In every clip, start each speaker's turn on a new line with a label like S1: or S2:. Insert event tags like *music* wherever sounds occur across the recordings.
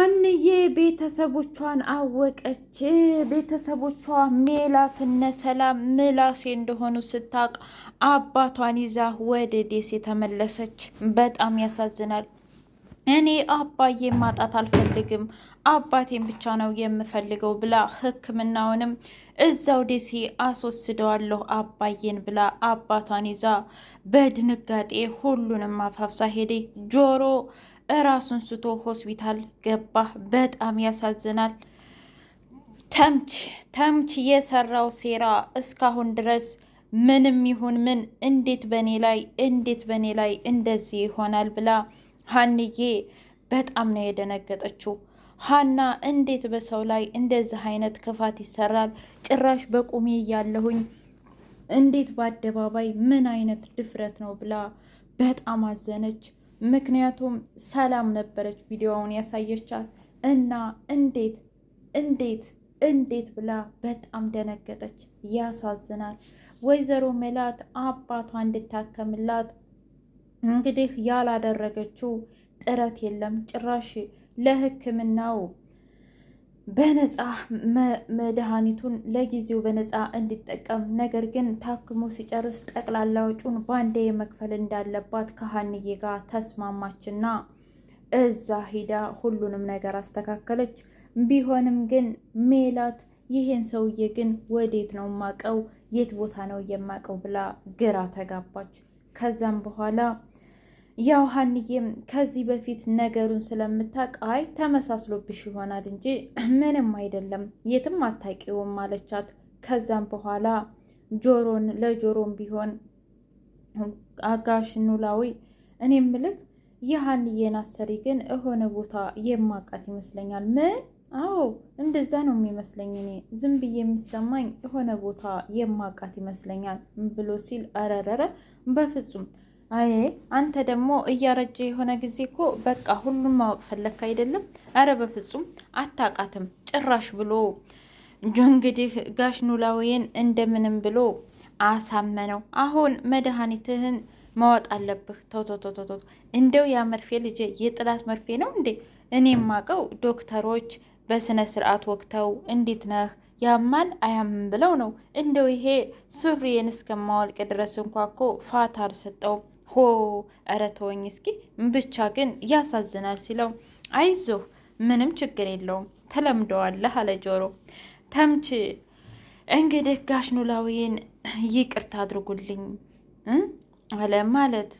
S1: አንዬ ቤተሰቦቿን አወቀች። ቤተሰቦቿ ሜላት እነ ሰላም ምላሴ እንደሆኑ ስታውቅ አባቷን ይዛ ወደ ደሴ ተመለሰች። በጣም ያሳዝናል። እኔ አባዬ ማጣት አልፈልግም፣ አባቴን ብቻ ነው የምፈልገው ብላ ሕክምናውንም እዛው ደሴ አስወስደዋለሁ አባዬን ብላ አባቷን ይዛ በድንጋጤ ሁሉንም አፋፍሳ ሄደ ጆሮ እራሱን ስቶ ሆስፒታል ገባ። በጣም ያሳዝናል። ተምች ተምች የሰራው ሴራ እስካሁን ድረስ ምንም ይሁን ምን እንዴት በእኔ ላይ እንዴት በእኔ ላይ እንደዚህ ይሆናል ብላ ሀንዬ በጣም ነው የደነገጠችው። ሀና እንዴት በሰው ላይ እንደዚህ አይነት ክፋት ይሰራል? ጭራሽ በቁሜ እያለሁኝ እንዴት በአደባባይ ምን አይነት ድፍረት ነው ብላ በጣም አዘነች። ምክንያቱም ሰላም ነበረች ቪዲዮውን ያሳየቻት እና እንዴት እንዴት እንዴት ብላ በጣም ደነገጠች። ያሳዝናል። ወይዘሮ ሜላት አባቷ እንድታከምላት እንግዲህ ያላደረገችው ጥረት የለም። ጭራሽ ለሕክምናው በነፃ መድኃኒቱን ለጊዜው በነፃ እንዲጠቀም ነገር ግን ታክሞ ሲጨርስ ጠቅላላ ወጪውን ባንዴ መክፈል እንዳለባት ከሀንዬ ጋር ተስማማችና እዛ ሂዳ ሁሉንም ነገር አስተካከለች። ቢሆንም ግን ሜላት ይሄን ሰውዬ ግን ወዴት ነው የማውቀው፣ የት ቦታ ነው የማውቀው ብላ ግራ ተጋባች። ከዛም በኋላ ያው ሀንዬም ከዚህ በፊት ነገሩን ስለምታውቅ አይ ተመሳስሎብሽ ይሆናል እንጂ ምንም አይደለም የትም አታውቂውም አለቻት። ከዛም በኋላ ጆሮን ለጆሮን ቢሆን አጋሽ ኖላዊ እኔ ምልክ የሀንዬን አሰሪ ግን እሆነ ቦታ የማውቃት ይመስለኛል። ምን? አዎ እንደዛ ነው የሚመስለኝ። እኔ ዝም ብዬ የሚሰማኝ እሆነ ቦታ የማውቃት ይመስለኛል ብሎ ሲል አረረረ በፍጹም አይ አንተ ደግሞ እያረጀ የሆነ ጊዜ እኮ በቃ ሁሉም ማወቅ ፈለግክ አይደለም። አረ በፍጹም አታቃትም ጭራሽ ብሎ እንግዲህ ጋሽ ኖላዊን እንደምንም ብሎ አሳመነው። አሁን መድኃኒትህን ማወጥ አለብህ። ቶቶቶቶቶ እንደው ያ መርፌ ልጅ የጥላት መርፌ ነው እንዴ? እኔ የማውቀው ዶክተሮች በስነ ስርዓት ወቅተው እንዴት ነህ ያማል አያምን ብለው ነው። እንደው ይሄ ሱሪዬን እስከማወልቅ ድረስ እንኳ እኮ ፋታ አልሰጠውም። ሆ እረ ተወኝ እስኪ ብቻ ግን ያሳዝናል ሲለው አይዞህ ምንም ችግር የለውም ተለምደዋለህ አለ ጆሮ። ተምች እንግዲህ ጋሽ ኖላዊን ይቅርታ አድርጉልኝ አለ ማለት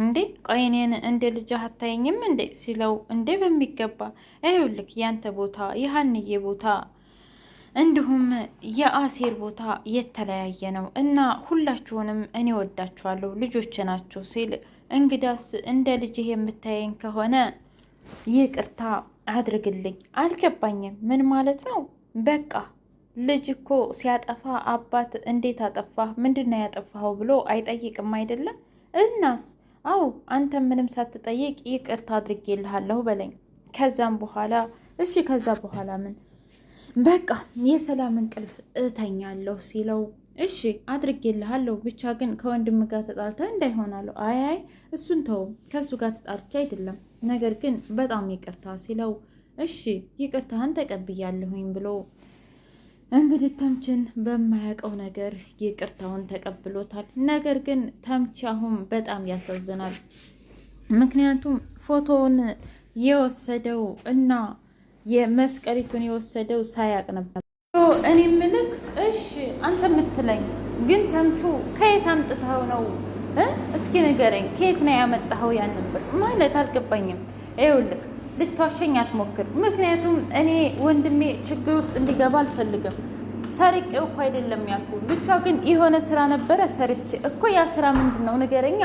S1: እንዴ ቆይ እንደ ልጅ አታየኝም እንዴ ሲለው እንዴ በሚገባ ይኸውልህ ያንተ ቦታ የሀንዬ ቦታ እንዲሁም የአሴር ቦታ የተለያየ ነው እና ሁላችሁንም እኔ ወዳችኋለሁ ልጆች ናችሁ ሲል እንግዳስ እንደ ልጅህ የምታየኝ ከሆነ ይቅርታ አድርግልኝ። አልገባኝም። ምን ማለት ነው? በቃ ልጅ እኮ ሲያጠፋ አባት እንዴት አጠፋ ምንድን ነው ያጠፋኸው ብሎ አይጠይቅም አይደለም? እናስ አው አንተ ምንም ሳትጠይቅ ይቅርታ አድርጌልሃለሁ በለኝ። ከዛም በኋላ እሺ፣ ከዛ በኋላ ምን በቃ የሰላም እንቅልፍ እተኛለሁ ሲለው እሺ አድርጌልሃለሁ፣ ብቻ ግን ከወንድም ጋር ተጣልተ እንዳይሆናለሁ። አይ እሱን ተው፣ ከእሱ ጋር ተጣልቼ አይደለም፣ ነገር ግን በጣም ይቅርታ ሲለው እሺ ይቅርታህን ተቀብያለሁኝ ብሎ እንግዲህ ተምችን በማያውቀው ነገር ይቅርታውን ተቀብሎታል። ነገር ግን ተምች አሁን በጣም ያሳዝናል። ምክንያቱም ፎቶውን የወሰደው እና የመስቀሪቱን የወሰደው ሳያቅ ነበር። እኔ ምልክ እሺ፣ አንተ የምትለኝ ግን ተምቹ ከየት አምጥታው ነው? እስኪ ንገረኝ፣ ከየት ነው ያመጣኸው ያን ብር? ማለት አልገባኝም። ይኸውልህ ልትዋሸኝ አትሞክር። ምክንያቱም እኔ ወንድሜ ችግር ውስጥ እንዲገባ አልፈልግም። ሰርቄው እኮ አይደለም ያልኩ፣ ብቻ ግን የሆነ ስራ ነበረ ሰርቼ እኮ። ያ ስራ ምንድን ነው ንገረኛ።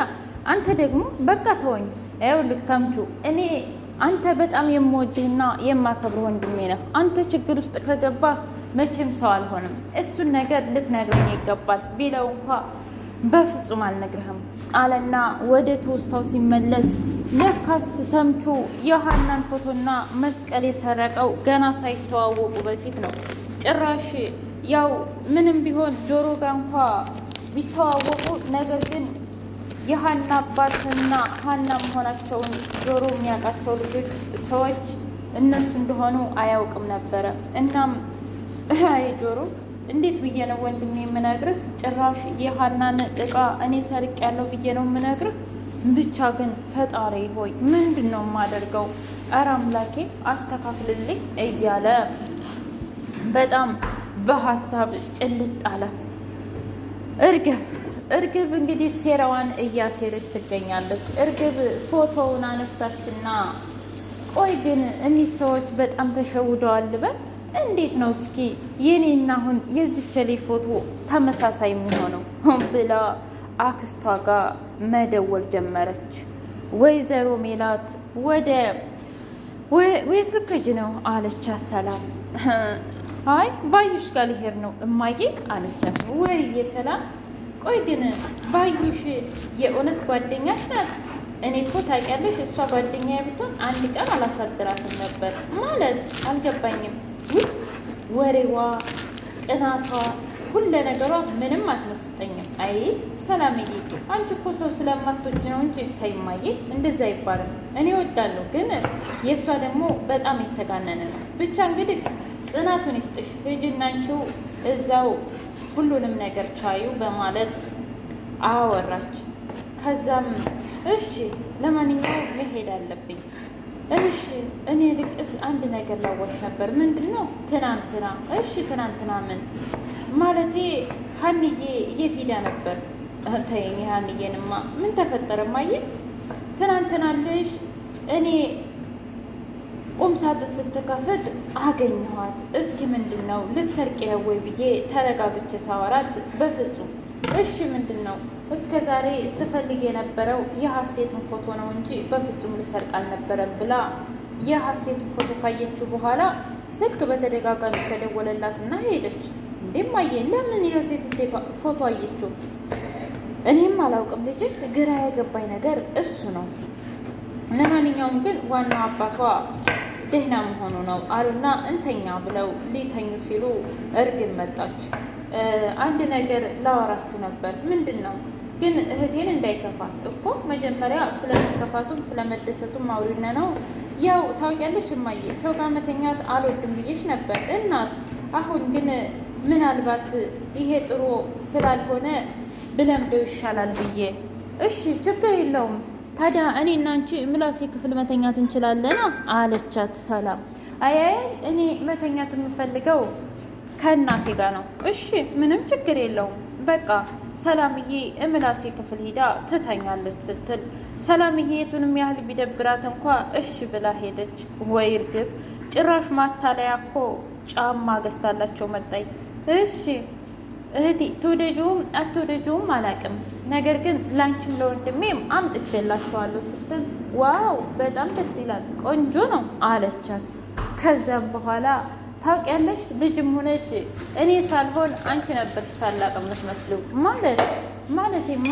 S1: አንተ ደግሞ በቃ ተወኝ። ይኸውልህ ተምቹ እኔ አንተ በጣም የምወድህና የማከብር ወንድሜ ነህ። አንተ ችግር ውስጥ ከገባ መቼም ሰው አልሆንም። እሱን ነገር ልትነግረኝ ይገባል ቢለው እንኳ በፍጹም አልነግርህም አለና ወደ ትውስታው ሲመለስ ለካስ ተምቹ የሀናን ፎቶና መስቀል የሰረቀው ገና ሳይተዋወቁ በፊት ነው። ጭራሽ ያው ምንም ቢሆን ጆሮ ጋ እንኳ ቢተዋወቁ ነገር ግን የሀና አባትና ሀና መሆናቸውን ጆሮ የሚያውቃቸው ልጆች ሰዎች እነሱ እንደሆኑ አያውቅም ነበረ። እናም አይ ጆሮ እንዴት ብዬ ነው ወንድሜ የምነግርህ? ጭራሽ የሀናን እቃ እኔ ሰርቅ ያለው ብዬ ነው የምነግርህ። ብቻ ግን ፈጣሪ ሆይ ምንድን ነው የማደርገው? እረ አምላኬ አስተካክልልኝ እያለ በጣም በሀሳብ ጭልጥ አለ እርግብ እርግብ እንግዲህ ሴራዋን እያሴረች ትገኛለች። እርግብ ፎቶውን አነሳችና ቆይ ግን እኒህ ሰዎች በጣም ተሸውደዋል ልበል እንዴት ነው እስኪ የኔና አሁን የዚህ ሌ ፎቶ ተመሳሳይ የሚሆነው ብላ አክስቷ ጋር መደወል ጀመረች። ወይዘሮ ሜላት ወደ ወየት ልከጅ ነው አለች። ሰላም አይ ባዩሽ ጋር ሊሄድ ነው እማዬ አለቻት። ወይ የሰላም ቆይ ግን ባዩሽ የእውነት ጓደኛሽ ናት? እኔ እኮ ታውቂያለሽ፣ እሷ ጓደኛ ብትሆን አንድ ቀን አላሳድራትም ነበር። ማለት አልገባኝም። ወሬዋ፣ ቅናቷ፣ ሁለ ነገሯ ምንም አትመስጠኝም። አይ ሰላምዬ፣ አንቺ እኮ ሰው ስለማትወጂ ነው እንጂ ተይማዬ፣ እንደዛ አይባልም። እኔ እወዳለሁ፣ ግን የእሷ ደግሞ በጣም የተጋነነ ነው። ብቻ እንግዲህ ጽናቱን ይስጥሽ። ሂጂና እዛው ሁሉንም ነገር ቻዩ በማለት አወራች። ከዛም እሺ ለማንኛውም መሄድ አለብኝ። እሺ እኔ ልክ እስ አንድ ነገር ላዋሽ ነበር። ምንድን ነው? ትናንትና። እሺ ትናንትና ምን ማለቴ? ሀንዬ የት ሄዳ ነበር? ተይኝ ሀንዬንማ ምን ተፈጠረ? ማየ ትናንትናልሽ እኔ ቁም ሳጥን ስትከፍት አገኘኋት። እስኪ ምንድን ነው ልሰርቅ ወይ ብዬ ተረጋግቼ ሳወራት፣ በፍጹም እሺ፣ ምንድን ነው እስከ ዛሬ ስፈልግ የነበረው የሀሴትን ፎቶ ነው እንጂ በፍጹም ልሰርቅ አልነበረም ብላ የሀሴትን ፎቶ ካየችው በኋላ ስልክ በተደጋጋሚ ተደወለላትና ሄደች። አየ ለምን የሀሴትን ፎቶ አየችው? እኔም አላውቅም ልጅ፣ ግራ የገባኝ ነገር እሱ ነው። ለማንኛውም ግን ዋናው አባቷ ደህና መሆኑ ነው አሉና እንተኛ ብለው ሊተኙ ሲሉ እርግብ መጣች። አንድ ነገር ላወራችሁ ነበር። ምንድን ነው ግን? እህቴን እንዳይከፋት እኮ መጀመሪያ ስለመከፋቱም ስለመደሰቱም አውሪነ ነው። ያው ታውቂያለሽ እማዬ፣ ሰው ጋር መተኛት አልወድም ብዬሽ ነበር። እናስ አሁን ግን ምናልባት ይሄ ጥሩ ስላልሆነ ብለምደው ይሻላል ብዬ። እሺ ችግር የለውም ታዲያ እኔ እና አንቺ ምላሴ ክፍል መተኛት እንችላለን አለቻት ሰላም። አያይ እኔ መተኛት የምፈልገው ከእናቴ ጋር ነው። እሺ ምንም ችግር የለውም በቃ ሰላምዬ እምላሴ ክፍል ሂዳ ትተኛለች ስትል ሰላምዬ የቱንም ያህል ቢደብራት እንኳ እሺ ብላ ሄደች። ወይ እርግብ ጭራሽ ማታ ላይ አኮ ጫማ ገዝታላቸው መጣኝ። እሺ እህቴ ትወደጂውም አትወደጂውም አላውቅም፣ ነገር ግን ላንቺም ለወንድሜም አምጥቼላችኋለሁ ስትል ዋው በጣም ደስ ይላል ቆንጆ ነው አለቻት። ከዛም በኋላ ታውቂያለሽ ልጅም ሆነሽ እኔ ሳልሆን አንቺ ነበርሽ ታላቅ የምትመስለው ማለት ማለቴማ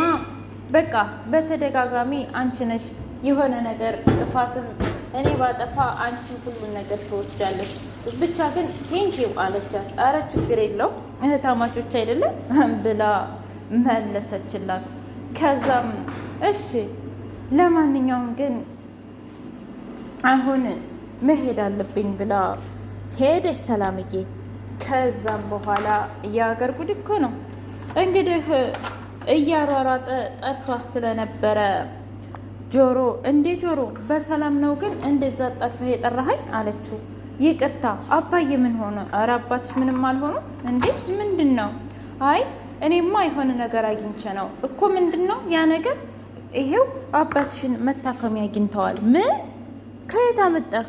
S1: በቃ በተደጋጋሚ አንቺ ነሽ የሆነ ነገር ጥፋትም እኔ ባጠፋ አንቺ ሁሉን ነገር ትወስዳለሽ ብቻ ግን ቴንኪው አለቻት። አረ ችግር የለው እህታማቾች አይደለም *laughs* ብላ መለሰችላት። ከዛም እሺ ለማንኛውም ግን አሁን መሄድ አለብኝ ብላ ሄደች ሰላምዬ። ከዛም በኋላ የሀገር ጉድ እኮ ነው እንግዲህ እያሯሯጠ ጠርቷት ስለነበረ ጆሮ እንዴ ጆሮ፣ በሰላም ነው ግን እንደዛ ጣድፈህ የጠራኸኝ አለችው። ይቅርታ አባዬ ምን ሆኖ? ኧረ አባትሽ ምንም አልሆኑ። እንዴ ምንድን ነው? አይ እኔማ የሆነ ነገር አግኝቼ ነው እኮ። ምንድን ነው ያ ነገር? ይሄው አባትሽን መታከሚያ አግኝተዋል። ምን? ከየት አመጣህ?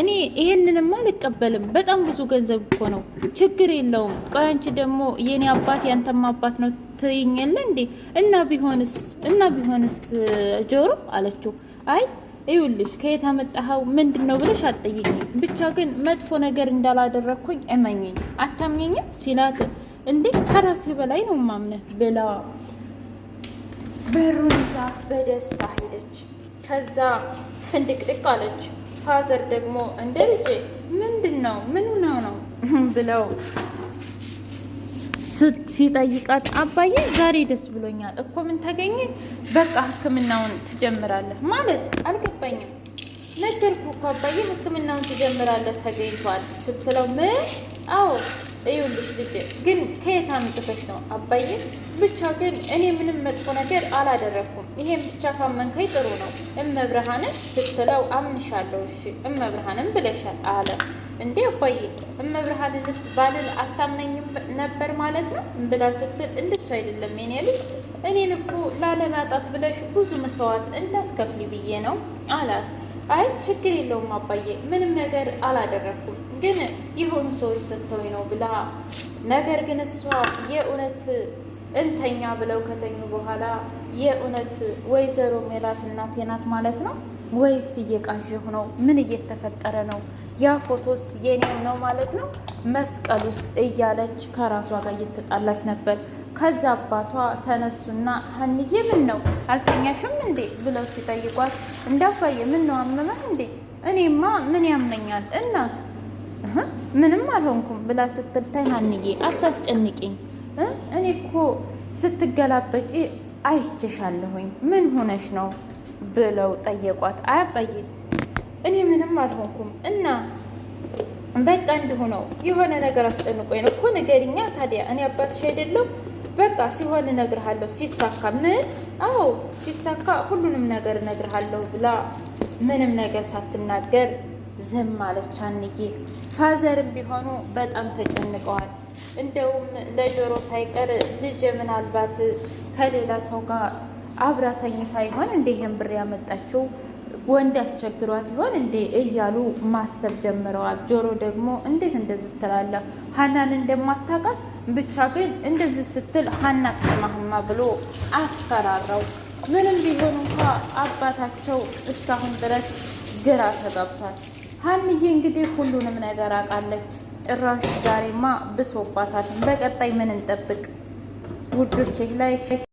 S1: እኔ ይሄንንማ አልቀበልም። በጣም ብዙ ገንዘብ እኮ ነው። ችግር የለውም። ቆይ አንቺ ደግሞ የኔ አባት ያንተማ አባት ነው ትይኛለህ እንዴ? እና ቢሆንስ እና ቢሆንስ ጆሮ አለችው። አይ ይኸውልሽ ከየት አመጣኸው ምንድን ነው ብለሽ አትጠይቂኝ። ብቻ ግን መጥፎ ነገር እንዳላደረግኩኝ እመኘኝ። አታምኘኝም ሲላት እንዴ ከራሴ በላይ ነው ማምነ ብላ በሩን ይዛ በደስታ ሄደች። ከዛ ፍንድቅድቅ አለች። ፋዘር ደግሞ እንደ ልጄ ምንድን ነው ምን ነው ነው ብለው ሲጠይቃት አባዬ ዛሬ ደስ ብሎኛል እኮ ምን ተገኘ? በቃ ሕክምናውን ትጀምራለህ ማለት አልገ አልገባኝም። ነገርኩ እኮ አባዬ ህክምናውን ትጀምራለህ ተገኝቷል ስትለው ምን? አዎ ይኸውልሽ ልጄ ግን ከየት አምጥተሽ ነው አባዬ? ብቻ ግን እኔ ምንም መጥፎ ነገር አላደረግኩም። ይሄን ብቻ ካመንከኝ ጥሩ ነው እመብርሃንን ስትለው አምንሻለሁ፣ እሺ እመብርሃንን ብለሻል አለ። እንዴ አባዬ እመብርሃንንስ ባልል አታምነኝም ነበር ማለት ነው ብላ ስትል፣ እንደሱ አይደለም የኔ ልጅ፣ እኔን እኮ ላለማጣት ብለሽ ብዙ መስዋዕት እንዳትከፍሊ ብዬ ነው አላት። አይ ችግር የለውም አባዬ፣ ምንም ነገር አላደረኩም፣ ግን የሆኑ ሰዎች ሰጥተውኝ ነው ብላ ነገር ግን እሷ የእውነት እንተኛ ብለው ከተኙ በኋላ የእውነት ወይዘሮ ሜላት እናቴ ናት ማለት ነው ወይስ እየቃዥሁ ነው? ምን እየተፈጠረ ነው? ያ ፎቶስ የኔው ነው ማለት ነው? መስቀሉስ? እያለች ከራሷ ጋር እየተጣላች ነበር። ከዛ አባቷ ተነሱና ሀንዬ ምን ነው አልተኛሽም እንዴ ብለው ሲጠይቋት እንዳባዬ ምን ነው አመመህ እንዴ? እኔማ ምን ያመኛል እናስ ምንም አልሆንኩም ብላ ስትልታይ ሀንዬ አታስጨንቂኝ፣ እኔ እኮ ስትገላበጪ አይቼሻለሁኝ ምን ሆነሽ ነው ብለው ጠየቋት። አያባዬ እኔ ምንም አልሆንኩም እና በቃ እንዲሁ ነው የሆነ ነገር አስጨንቆኝ ነው እኮ ንገሪኛ ታዲያ እኔ አባትሽ አይደለሁ በቃ ሲሆን እነግርሃለሁ ሲሳካ። ምን? አዎ ሲሳካ ሁሉንም ነገር እነግርሃለሁ ብላ ምንም ነገር ሳትናገር ዝም አለች አንዬ። ፋዘርም ቢሆኑ በጣም ተጨንቀዋል። እንደውም ለጆሮ ሳይቀር ልጅ ምናልባት ከሌላ ሰው ጋር አብራ ተኝታ ይሆን እንዲህም ብር ያመጣችው ወንድ ያስቸግሯት ይሆን እንዴ እያሉ ማሰብ ጀምረዋል። ጆሮ ደግሞ እንዴት እንደዚህ ትላለ ሀናን እንደማታውቃት ብቻ ግን እንደዚህ ስትል ሀና ትሰማህማ ብሎ አስፈራራው። ምንም ቢሆን እንኳ አባታቸው እስካሁን ድረስ ግራ ተጋብቷል። ሀንዬ እንግዲህ ሁሉንም ነገር አውቃለች። ጭራሽ ዛሬማ ብሶባታል። በቀጣይ ምን እንጠብቅ ውዶቼ ላይ